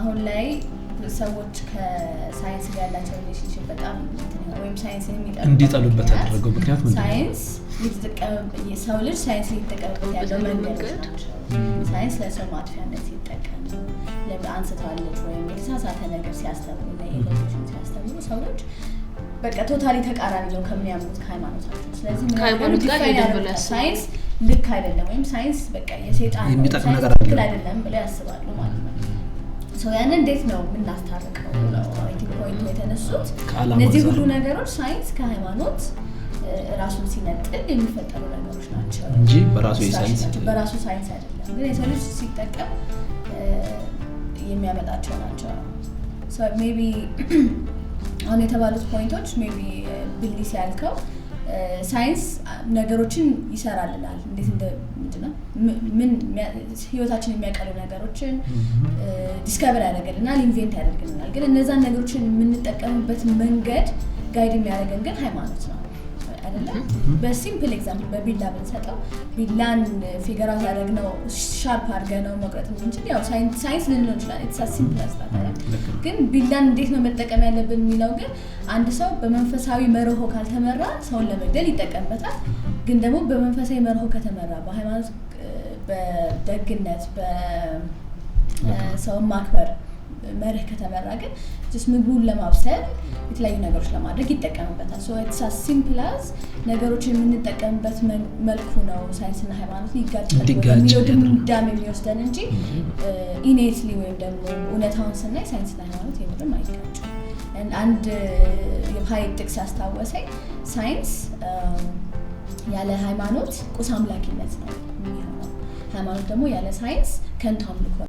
አሁን ላይ ሰዎች ከሳይንስ ጋር ያላቸው ሪሌሽንሽፕ በጣም ወይም ሳይንስን እንዲጠሉበት ያደረገው ምክንያት ሳይንስ ሰው ልጅ ሳይንስ ሊጠቀምበት ያለው መንገድ ሳይንስ ለሰው ማጥፊያነት እንደት ይጠቀም አንስተዋል ወይም የተሳሳተ ነገር ሲያስተምሩ ኢሌክሽን ሲያስተምሩ ሰዎች በቃ ቶታሊ ተቃራኒ ነው ከሚያምኑት ከሃይማኖታቸው። ስለዚህ ሳይንስ ልክ አይደለም ወይም ሳይንስ በቃ የሴጣን ትክክል አይደለም ብለው ያስባሉ ማለት ነው። ሰው ያን እንዴት ነው የምናስታርቀው ፖይንቱ የተነሱት እነዚህ ሁሉ ነገሮች ሳይንስ ከሃይማኖት ራሱን ሲነጥል የሚፈጠሩ ነገሮች ናቸው እንጂ በራሱ ሳይንስ በራሱ ሳይንስ አይደለም። ግን የሰው ልጅ ሲጠቀም የሚያመጣቸው ናቸው። ሜይ ቢ አሁን የተባሉት ፖይንቶች ሜይ ቢ ብሊ ሲያልከው ሳይንስ ነገሮችን ይሰራልናል እንዴት ምንድነው ምን ህይወታችን የሚያቀሉ ነገሮችን ዲስከቨር ያደርግልናል፣ ኢንቬንት ያደርግልናል። ግን እነዛን ነገሮችን የምንጠቀምበት መንገድ ጋይድ የሚያደርገን ግን ሃይማኖት ነው አይደለም። በሲምፕል ኤግዛምፕል በቢላ ብንሰጠው ቢላን ፊገር ያደረግ ነው ሻርፕ ነው መቁረጥ እንችል ያው ሳይንስ ልንለው እንችላለን። የተሳ ሲምፕል አስታታለን። ግን ቢላን እንዴት ነው መጠቀም ያለብን የሚለው ግን አንድ ሰው በመንፈሳዊ መርሆ ካልተመራ ሰውን ለመግደል ይጠቀምበታል። ግን ደግሞ በመንፈሳዊ መርሆ ከተመራ በሃይማኖት በደግነት በሰውን ማክበር መርህ ከተመራ ግን ስ ምግቡን ለማብሰል የተለያዩ ነገሮች ለማድረግ ይጠቀምበታል። ሳ ሲምፕላዝ ነገሮችን የምንጠቀምበት መልኩ ነው ሳይንስና ሃይማኖት ሊጋጭ ድምዳሜ የሚወስደን እንጂ ኢኔትሊ ወይም ደግሞ እውነታውን ስናይ ሳይንስና ሃይማኖት የምርም አይጋጩ። አንድ የፓይ ጥቅስ ያስታወሰኝ ሳይንስ ያለ ሃይማኖት ቁስ አምላኪነት ነው የሚሆነው። ሃይማኖት ደግሞ ያለ ሳይንስ ከንቱ አምልኮ